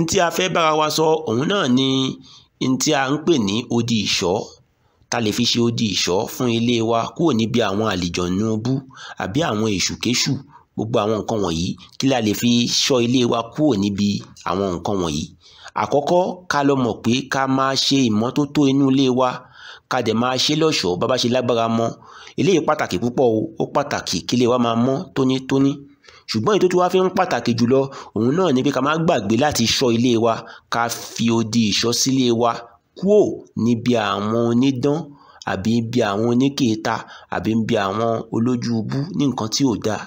ntí a fẹ́ bára wa sọ òun náà ni ntí a ń pè ní odi ìṣọ́ ta lè fi ṣe odi ìṣọ́ fún ilé wa kúrò níbi àwọn àlìjọ̀nú bú àbí àwọn èṣùkéṣù gbogbo àwọn nǹkan wọ̀nyí kí la lè fi ṣọ́ ilé wa kúrò níbi àwọn nǹkan wọ̀nyí àkọ́kọ́ ká lọ mọ̀ pé ká máa ṣe ìmọ́tótó inú ilé wa ká dẹ̀ máa ṣe lọ́ṣọ̀ọ́ bá bá ṣe lágbára mọ́ eléyìí pàtàkì púpọ̀ ó pàtàkì kílé wa máa mọ́ tónítóní ṣùgbọ́n èyí tó tún wá fi ń pàtàkì jùlọ òun náà ni pé ká má gbàgbé láti ṣọ́ ilé wa ká fi odi ìṣọ́ sílé wa kúò níbi àwọn onídán àbí bí àwọn oníkèéta àbí bí àwọn olójúubú ní nǹkan tí ò dáa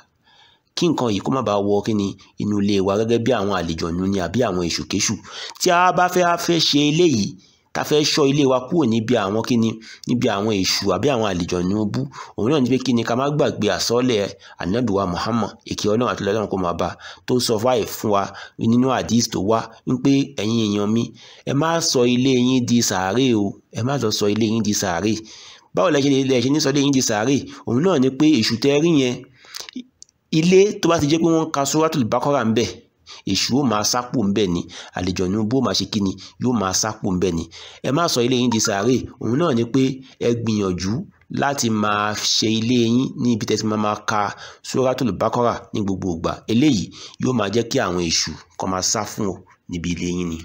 kí nǹkan yìí kó má bàa wọ kí ni inú ilé wa gẹ́gẹ́ bí àwọn àlejònú ni àbí àwọn èṣùkéṣù tí a bá fẹ́ fẹ́ ṣe eléyìí tá fẹ́ ṣọ́ ilé wa kúrò níbi àwọn kíni níbi àwọn èṣù àbí àwọn àlejò ní obú òun náà ní pé kíni ká má gbàgbé àsọ́lẹ̀ ànábìwá Muhammad èkì ọlọ́run àti ọlọ́run kò máa bá tó sọ fáì fún wa nínú àdís tó wá wípé ẹ̀yin èèyàn mi ẹ má sọ ilé yín di sàárè o ẹ má sọ ilé yín di sàárè báwo lẹ ṣe lè ní sọ ilé yín di sàárè òun náà ni pé èṣù tẹ́ rí yẹn ilé tó bá ti jẹ́ pé wọ́n ka Suratul Baqara ń bẹ̀ èṣù ó máa sápò ń bẹ̀ ni àlejòónú bó máa ṣe kí ni yóò máa sápò ń bẹ̀ ni ẹ má sọ ilé yín di sàárè òun náà ni pé ẹ gbìyànjú láti máa ṣe ilé yín ní ibi tẹ́sí máa máa ka sóràtòlù bákọ́rà ní gbogbo ìgbà eléyìí yóò máa jẹ́ kí àwọn èṣù kan máa sá fún ọ níbi ilé yín ni.